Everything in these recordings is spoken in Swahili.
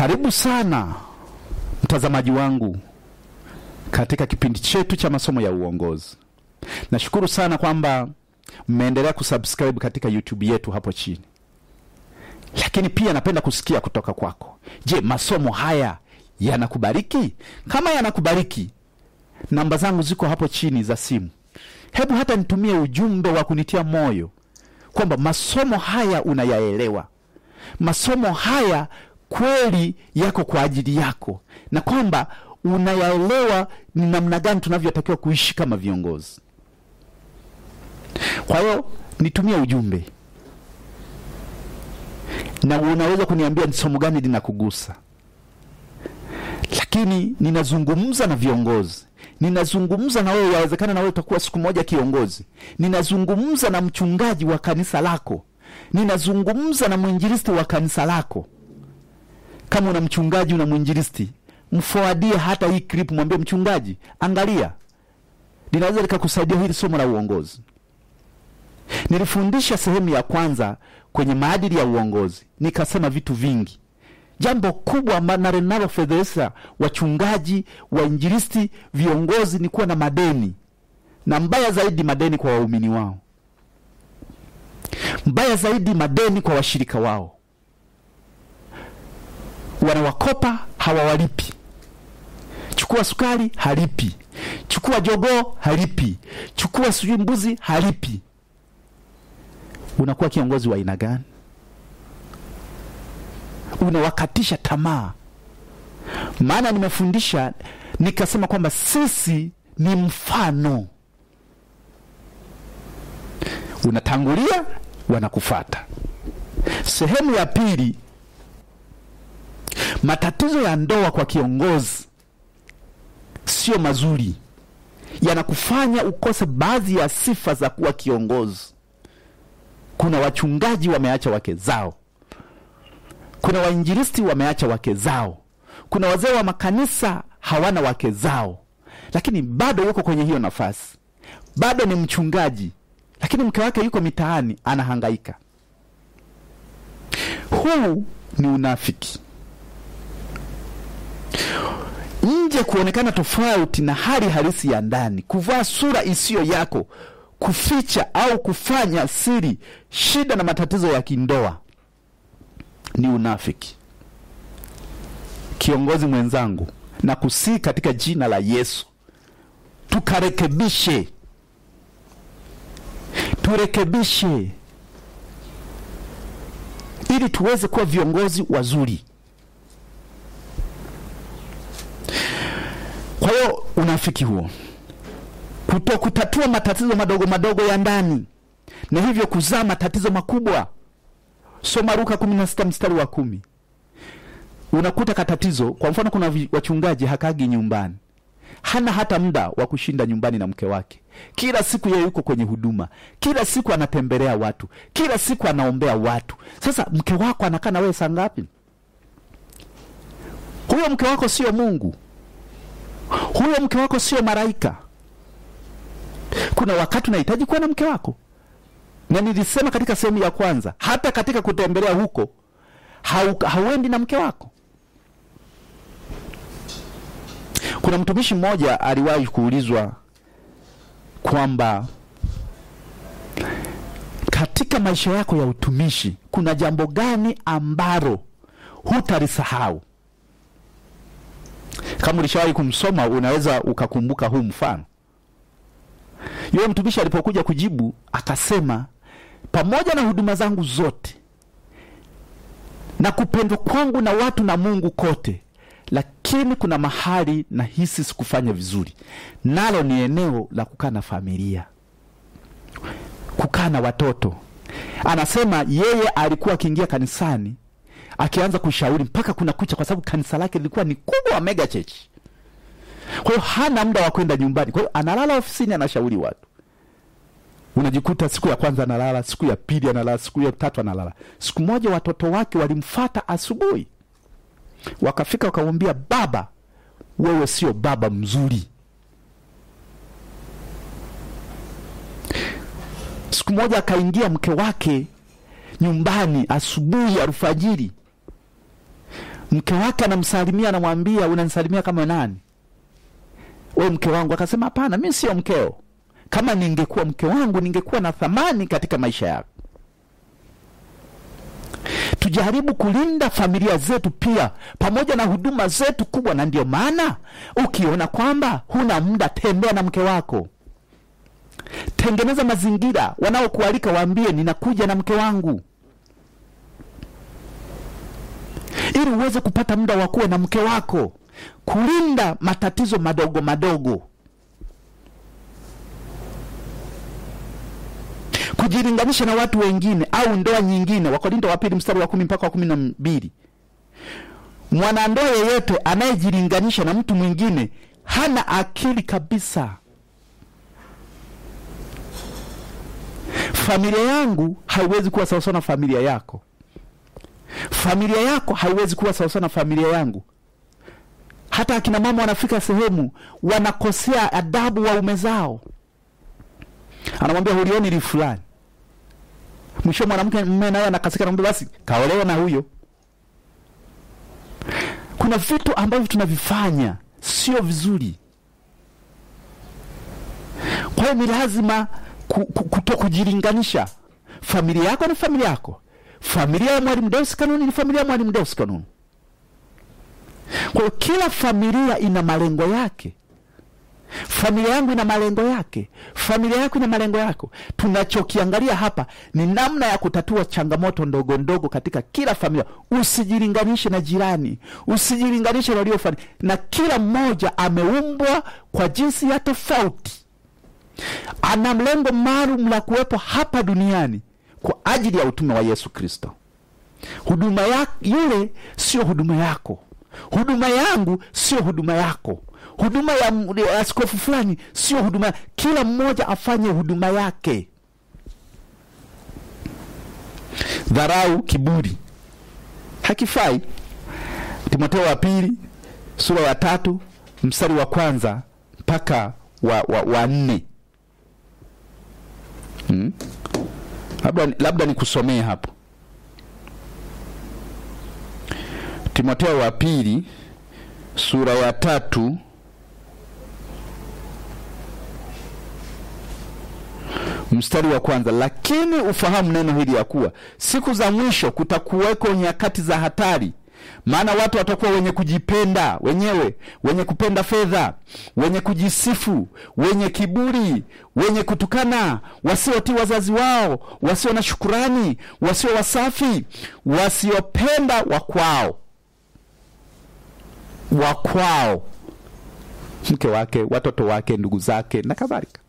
Karibu sana mtazamaji wangu katika kipindi chetu cha masomo ya uongozi. Nashukuru sana kwamba mmeendelea kusubscribe katika YouTube yetu hapo chini, lakini pia napenda kusikia kutoka kwako. Je, masomo haya yanakubariki? Kama yanakubariki, namba zangu ziko hapo chini za simu. Hebu hata nitumie ujumbe wa kunitia moyo kwamba masomo haya unayaelewa, masomo haya kweli yako kwa ajili yako, na kwamba unayaelewa ni namna gani tunavyotakiwa kuishi kama viongozi. Kwa hiyo nitumie ujumbe, na unaweza kuniambia ni somo gani linakugusa, lakini ninazungumza na viongozi ninazungumza na wewe, yawezekana na wewe utakuwa siku moja kiongozi. Ninazungumza na mchungaji wa kanisa lako, ninazungumza na mwinjilisti wa kanisa lako. Kama una mchungaji una mwinjilisti, mfoadie hata hii clip, mwambie mchungaji, angalia, linaweza likakusaidia hili somo la uongozi. Nilifundisha sehemu ya kwanza kwenye maadili ya uongozi, nikasema vitu vingi. Jambo kubwa na wachungaji, wainjilisti, viongozi ni kuwa na madeni, na mbaya zaidi madeni kwa waumini wao, mbaya zaidi madeni kwa washirika wao wanawakopa hawawalipi. Chukua sukari halipi, chukua jogoo halipi, chukua sijui mbuzi halipi. Unakuwa kiongozi wa aina gani? Unawakatisha tamaa. Maana nimefundisha nikasema kwamba sisi ni mfano, unatangulia, wanakufata. Sehemu ya pili Matatizo ya ndoa kwa kiongozi sio mazuri, yanakufanya ukose baadhi ya sifa za kuwa kiongozi. Kuna wachungaji wameacha wake zao, kuna wainjilisti wameacha wake zao, kuna wazee wa makanisa hawana wake zao, lakini bado yuko kwenye hiyo nafasi, bado ni mchungaji, lakini mke wake yuko mitaani anahangaika. Huu ni unafiki nje kuonekana tofauti na hali halisi ya ndani, kuvaa sura isiyo yako, kuficha au kufanya siri shida na matatizo ya kindoa ni unafiki. Kiongozi mwenzangu, na kusii katika jina la Yesu, tukarekebishe, turekebishe ili tuweze kuwa viongozi wazuri. unafiki huo, kutokutatua matatizo madogo madogo ya ndani na hivyo kuzaa matatizo makubwa. Soma Luka 16 mstari wa kumi. Unakuta katatizo, kwa mfano, kuna wachungaji hakagi nyumbani, hana hata muda wa kushinda nyumbani na mke wake. Kila siku yeye yuko kwenye huduma, kila siku anatembelea watu, kila siku anaombea watu. Sasa mke wako anakaa na wewe saa ngapi? Huyo mke wako sio Mungu. Huyo mke wako sio malaika. Kuna wakati unahitaji kuwa na mke wako, na nilisema katika sehemu ya kwanza, hata katika kutembelea huko hau, hauendi na mke wako. Kuna mtumishi mmoja aliwahi kuulizwa kwamba katika maisha yako ya utumishi kuna jambo gani ambalo hutalisahau? Kama ulishawahi kumsoma unaweza ukakumbuka huu mfano. Yule mtumishi alipokuja kujibu akasema, pamoja na huduma zangu zote na kupendwa kwangu na watu na Mungu kote, lakini kuna mahali na hisi sikufanya vizuri, nalo ni eneo la kukaa na familia, kukaa na watoto. Anasema yeye alikuwa akiingia kanisani akianza kushauri mpaka kuna kucha, kwa sababu kanisa lake lilikuwa ni kubwa, mega church. Kwa hiyo hana muda wa kwenda nyumbani, kwa hiyo analala ofisini, anashauri watu. Unajikuta siku ya kwanza analala, siku ya pili analala, siku ya tatu analala. Siku moja watoto wake walimfata asubuhi, wakafika wakamwambia, baba, wewe sio baba mzuri. Siku moja akaingia mke wake nyumbani asubuhi alfajiri, Mke wake anamsalimia, anamwambia unanisalimia kama nani? We mke wangu. Akasema hapana, mi sio mkeo. Kama ningekuwa mke wangu, ningekuwa na thamani katika maisha yako. Tujaribu kulinda familia zetu pia pamoja na huduma zetu kubwa, na ndio maana ukiona kwamba huna muda, tembea na mke wako, tengeneza mazingira. Wanaokualika waambie, ninakuja na mke wangu. ili uweze kupata muda wa kuwa na mke wako, kulinda matatizo madogo madogo, kujilinganisha na watu wengine au ndoa nyingine. Wakorinto wa pili mstari wa kumi mpaka wa kumi na mbili. Mwanandoa yeyote anayejilinganisha na mtu mwingine hana akili kabisa. Familia yangu haiwezi kuwa sawasawa na familia yako. Familia yako haiwezi kuwa sawasawa na familia yangu. Hata akina mama wanafika sehemu wanakosea adabu waume zao, anamwambia hulioni li fulani. Mwisho mwanamke mme naye anakasika, namwambia basi kaolewa na huyo. Kuna vitu ambavyo tunavifanya sio vizuri, kwa hiyo ni lazima kuto kujilinganisha. Familia yako ni familia yako familia ya Mwalimu Deus Kanunu ni familia ya Mwalimu Deus Kanunu. Kwa hiyo kila familia ina malengo yake. Familia yangu ina malengo yake, familia yako ina malengo yako. Tunachokiangalia hapa ni namna ya kutatua changamoto ndogo ndogo katika kila familia. Usijilinganishe na jirani, usijilinganishe na waliofani, na kila mmoja ameumbwa kwa jinsi ya tofauti, ana mlengo maalum la kuwepo hapa duniani kwa ajili ya utume wa Yesu Kristo. Huduma ya yule sio huduma yako, huduma yangu sio huduma yako, huduma ya askofu fulani sio huduma. Kila mmoja afanye huduma yake. Dharau, kiburi hakifai. Timotheo wa pili sura ya tatu mstari wa kwanza mpaka wa, wa, wa nne. Hmm? labda, labda nikusomee hapo Timotheo wa pili sura ya tatu mstari wa kwanza. Lakini ufahamu neno hili ya kuwa siku za mwisho kutakuweko nyakati za hatari, maana watu watakuwa wenye kujipenda wenyewe, wenye kupenda fedha, wenye kujisifu, wenye kiburi, wenye kutukana, wasiotii wazazi wao, wasio na shukurani, wasio wasafi, wasiopenda wakwao, wakwao, mke wake, watoto wake, ndugu zake na kadhalika.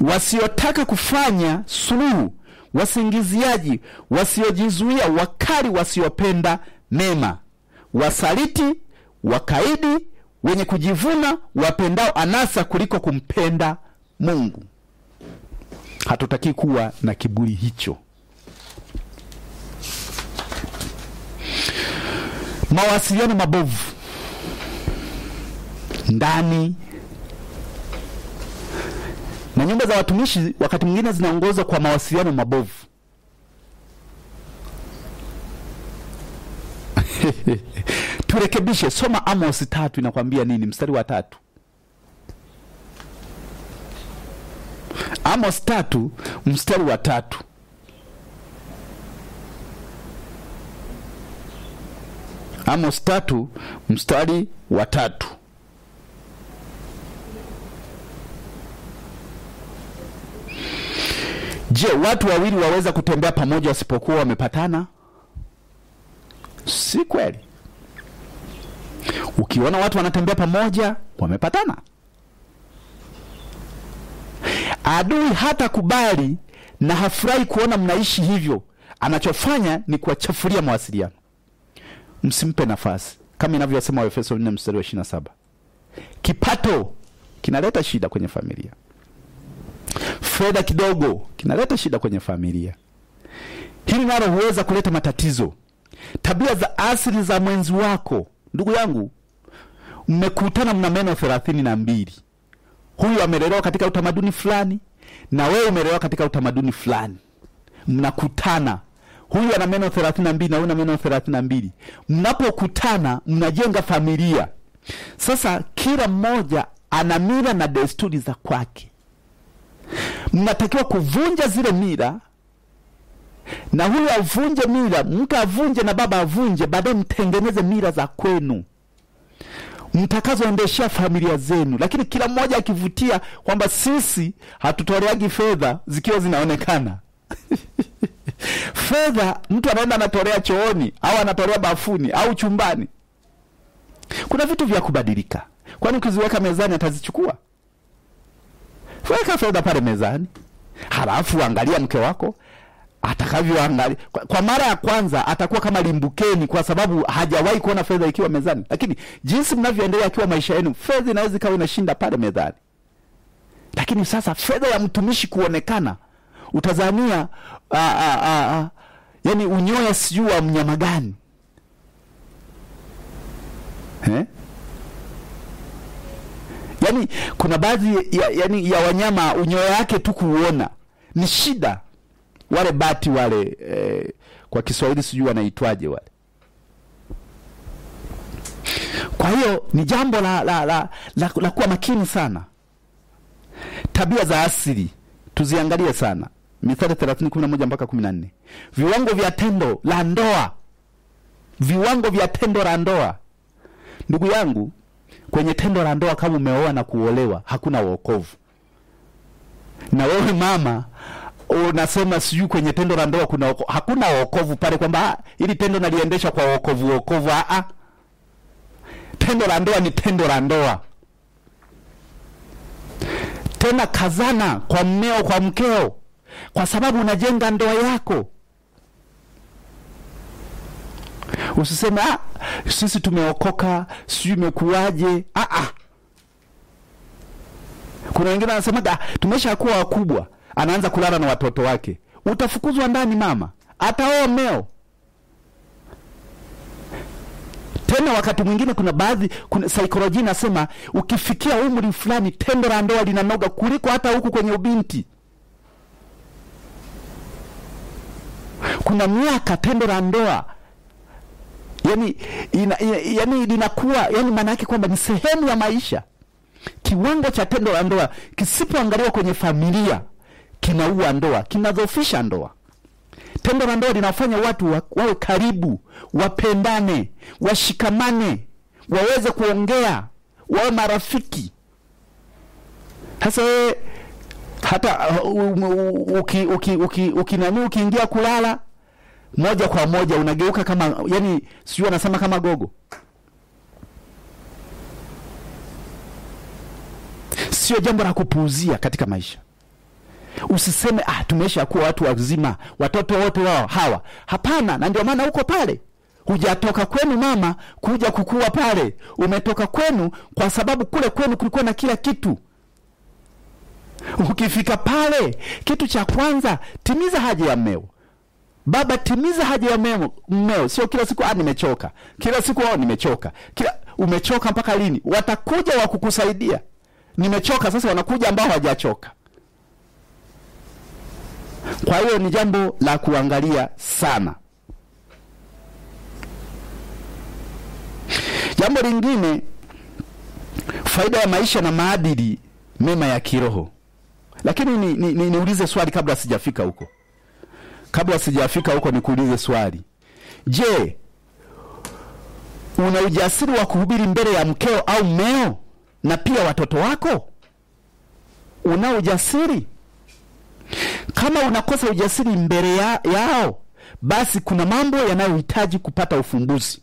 wasiotaka kufanya suluhu, wasingiziaji, wasiojizuia, wakali, wasiopenda mema, wasaliti, wakaidi, wenye kujivuna, wapendao anasa kuliko kumpenda Mungu. Hatutaki kuwa na kiburi hicho. Mawasiliano mabovu ndani na nyumba za watumishi wakati mwingine zinaongozwa kwa mawasiliano mabovu. Turekebishe. Soma Amos tatu inakwambia nini? Mstari wa tatu. Amos tatu mstari wa tatu. Amos tatu mstari wa tatu. Je, watu wawili waweza kutembea pamoja wasipokuwa wamepatana? Si kweli. Ukiona watu wanatembea pamoja, wamepatana. Adui hata kubali na hafurahi kuona mnaishi hivyo. Anachofanya ni kuwachafulia mawasiliano. Msimpe nafasi, kama inavyosema Waefeso 4 mstari wa 27. Kipato kinaleta shida kwenye familia fedha kidogo kinaleta shida kwenye familia. Hili nalo huweza kuleta matatizo. Tabia za asili za mwenzi wako, ndugu yangu, mmekutana mna meno thelathini na mbili. Huyu amelelewa katika utamaduni fulani na wewe umelelewa katika utamaduni fulani, mnakutana huyu ana meno thelathini na mbili na huyu ana meno thelathini na mbili. Mnapokutana mnajenga familia. Sasa kila mmoja ana mila na desturi za kwake mnatakiwa kuvunja zile mila na huyu avunje mila, mke avunje na baba avunje, baadaye mtengeneze mila za kwenu mtakazoendeshea familia zenu, lakini kila mmoja akivutia kwamba sisi hatutoleagi fedha zikiwa zinaonekana fedha mtu anaenda anatolea chooni au anatolea bafuni au chumbani. Kuna vitu vya kubadilika, kwani ukiziweka mezani atazichukua? weka soda pale mezani, halafu angalia mke wako atakavyoangalia kwa, kwa mara ya kwanza atakuwa kama limbukeni, kwa sababu hajawahi kuona fedha ikiwa mezani. Lakini jinsi mnavyoendelea akiwa maisha yenu, fedha inaweza ikawa inashinda pale mezani. Lakini sasa fedha ya mtumishi kuonekana, utazania a, a, a, a, yani unyoya sijui wa mnyama gani eh? yani kuna baadhi ya, yani ya wanyama unyoya yake tu kuuona ni shida. Wale bati wale eh, kwa Kiswahili sijui wanaitwaje wale. Kwa hiyo ni jambo la, la, la, la, la kuwa makini sana. Tabia za asili tuziangalie sana. Mithali moja mpaka 14. Viwango vya tendo la ndoa, viwango vya tendo la ndoa, ndugu yangu kwenye tendo la ndoa kama umeoa na kuolewa hakuna wokovu. Na wewe mama unasema sijui kwenye tendo la ndoa kuna wokovu. Hakuna wokovu pale, kwamba ah, ili tendo naliendesha kwa wokovu wokovu. A, ah, ah. tendo la ndoa ni tendo la ndoa. Tena kazana kwa mmeo kwa mkeo, kwa sababu unajenga ndoa yako. Usiseme ah, sisi tumeokoka, sijui imekuwaje. Ah, ah. Kuna wengine tumesha tumeshakuwa wakubwa, anaanza kulala na watoto wake. Utafukuzwa ndani mama, ataomeo tena wakati mwingine kuna baadhi, kuna saikolojia inasema ukifikia umri fulani tendo la ndoa linanoga kuliko hata huku kwenye ubinti. Kuna miaka tendo la ndoa yani, ina, ina, yani linakuwa yani maana yake kwamba ni sehemu ya maisha. Kiwango cha tendo la ndoa kisipoangaliwa kwenye familia kinaua ndoa, kinadhofisha ndoa. Tendo la ndoa linafanya watu wa, wawe karibu, wapendane, washikamane, waweze kuongea, wawe marafiki. Sasa hata uh, uki, uki, uki, uki, ukiingia kulala moja kwa moja unageuka kama yani, sijui anasema kama gogo, sio jambo la kupuuzia katika maisha. Usiseme ah, tumesha kuwa watu wazima, watoto wote wao hawa. Hapana, na ndio maana uko pale hujatoka kwenu mama kuja kukua pale, umetoka kwenu kwa sababu kule kwenu kulikuwa na kila kitu. Ukifika pale, kitu cha kwanza, timiza haja ya mmeo. Baba, timiza haja ya mmeo, mmeo. Sio kila siku ah, nimechoka kila siku ao, oh, nimechoka kila, umechoka mpaka lini? Watakuja wa kukusaidia. Nimechoka sasa, wanakuja ambao hawajachoka. Kwa hiyo ni jambo la kuangalia sana. Jambo lingine, faida ya maisha na maadili mema ya kiroho. Lakini niulize ni, ni, ni swali kabla sijafika huko kabla sijafika huko, nikuulize swali. Je, una ujasiri wa kuhubiri mbele ya mkeo au mmeo na pia watoto wako? Una ujasiri? Kama unakosa ujasiri mbele ya, yao, basi kuna mambo yanayohitaji kupata ufumbuzi.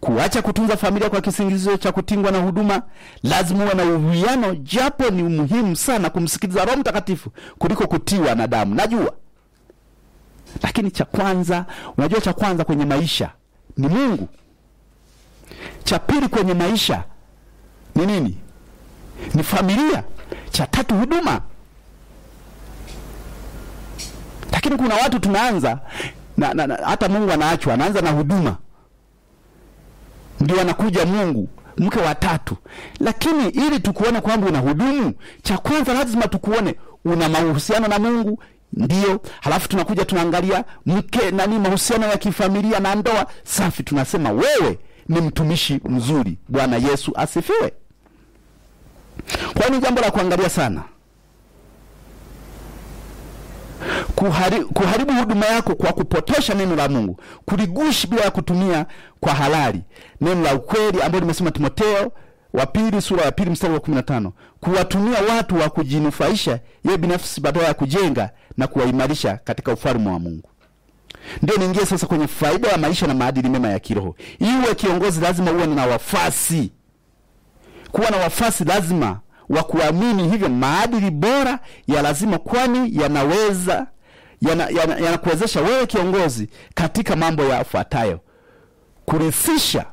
Kuacha kutunza familia kwa kisingizio cha kutingwa na huduma, lazima uwe na uwiano, japo ni muhimu sana kumsikiliza Roho Mtakatifu kuliko kutii wanadamu. Najua lakini cha kwanza, unajua cha kwanza kwenye maisha ni Mungu. Cha pili kwenye maisha ni nini? Ni familia. Cha tatu huduma. Lakini kuna watu tunaanza na, na, na, hata Mungu anaachwa, anaanza na huduma ndio anakuja Mungu mke wa tatu. Lakini ili tukuone kwamba una hudumu, cha kwanza lazima tukuone una mahusiano na Mungu. Ndio, halafu tunakuja tunaangalia mke nani, mahusiano ya kifamilia na ndoa safi, tunasema wewe ni mtumishi mzuri. Bwana Yesu asifiwe. Kwa hiyo ni jambo la kuangalia sana. Kuhari, kuharibu huduma yako kwa kupotosha neno la Mungu, kuligushi bila ya kutumia kwa halali neno la ukweli ambalo limesema Timotheo wa pili sura ya pili mstari wa 15, kuwatumia watu wa kujinufaisha yeye binafsi badala ya kujenga na kuwaimarisha katika ufalme wa Mungu. Ndio niingie sasa kwenye faida ya maisha na maadili mema ya kiroho. Iwe kiongozi lazima uwe na wafasi, kuwa na wafasi lazima wa kuamini hivyo maadili bora ya lazima, kwani yanaweza yanakuwezesha yana, yana wewe kiongozi katika mambo yafuatayo: kurithisha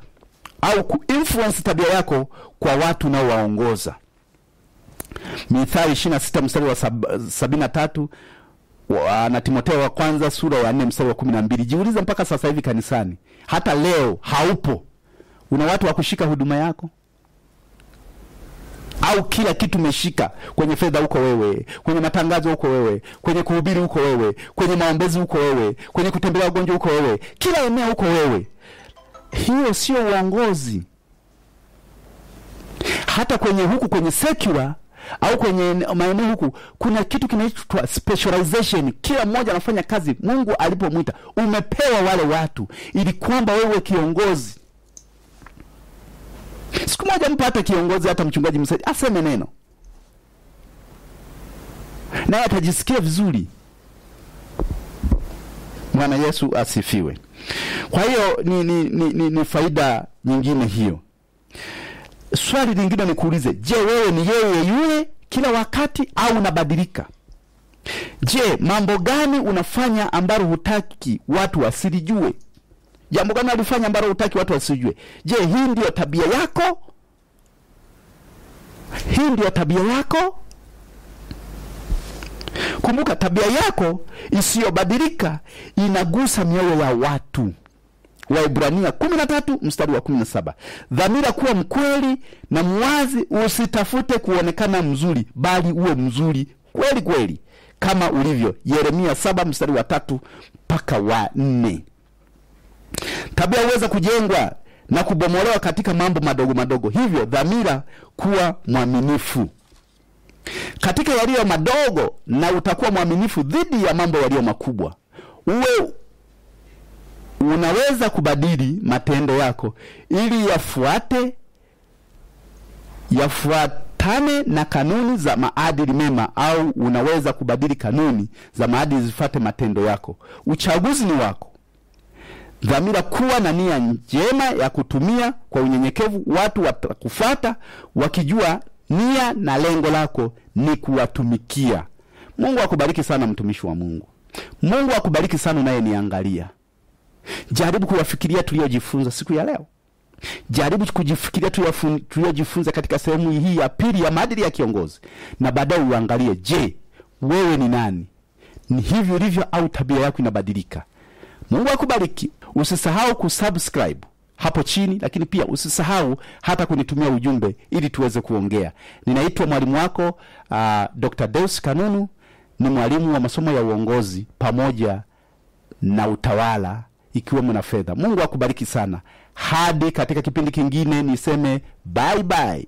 au kuinfluence tabia yako kwa watu unaowaongoza. Mithali 26 mstari wa 73 na Timotheo wa kwanza sura ya 4 mstari wa 12. Jiulize mpaka sasa hivi kanisani, hata leo haupo, una watu wa kushika huduma yako au kila kitu umeshika? Kwenye fedha huko wewe, kwenye matangazo huko wewe, kwenye kuhubiri huko wewe, kwenye maombezi huko wewe, kwenye kutembelea wagonjwa huko wewe, kila eneo huko wewe. Hiyo sio uongozi. Hata kwenye huku kwenye secular au kwenye maeneo huku kuna kitu kinaitwa specialization. Kila mmoja anafanya kazi Mungu alipomwita. Umepewa wale watu ili kwamba wewe kiongozi. Siku moja mpa hata kiongozi, hata mchungaji msaidi aseme neno, naye atajisikia vizuri. Bwana Yesu asifiwe. Kwa hiyo ni, ni, ni, ni, ni faida nyingine hiyo. Swali lingine nikuulize, je, wewe ni yeye yule kila wakati au unabadilika? Je, mambo gani unafanya ambalo hutaki watu wasilijue? Jambo gani alifanya ambalo hutaki watu wasijue? Je, hii ndiyo tabia yako? Hii ndiyo tabia yako? Kumbuka, tabia yako isiyobadilika inagusa mioyo ya watu. Waebrania 13 mstari wa 17. Dhamira kuwa mkweli na mwazi, usitafute kuonekana mzuri, bali uwe mzuri kweli kweli kama ulivyo. Yeremia saba mstari wa tatu mpaka wa nne. Tabia huweza kujengwa na kubomolewa katika mambo madogo madogo, hivyo dhamira kuwa mwaminifu katika yaliyo madogo, na utakuwa mwaminifu dhidi ya mambo yaliyo makubwa. Uwe unaweza kubadili matendo yako ili yafuate yafuatane na kanuni za maadili mema, au unaweza kubadili kanuni za maadili zifuate matendo yako. Uchaguzi ni wako. Dhamira kuwa na nia njema ya kutumia kwa unyenyekevu, watu watakufuata wakijua nia na lengo lako ni kuwatumikia. Mungu akubariki sana, mtumishi wa Mungu. Mungu akubariki sana, unayeniangalia. Jaribu kuwafikiria tuliyojifunza siku ya leo. Jaribu kujifikiria tuliyojifunza katika sehemu hii ya pili ya maadili ya kiongozi, na baadaye uangalie, je, wewe ni nani? Ni hivi ulivyo au tabia yako inabadilika? Mungu akubariki. Usisahau kusubscribe hapo chini, lakini pia usisahau hata kunitumia ujumbe ili tuweze kuongea. Ninaitwa mwalimu wako uh, ah, Dr. Deus Kanunu, ni mwalimu wa masomo ya uongozi pamoja na utawala ikiwemo na fedha. Mungu akubariki sana. Hadi katika kipindi kingine, niseme bye bye.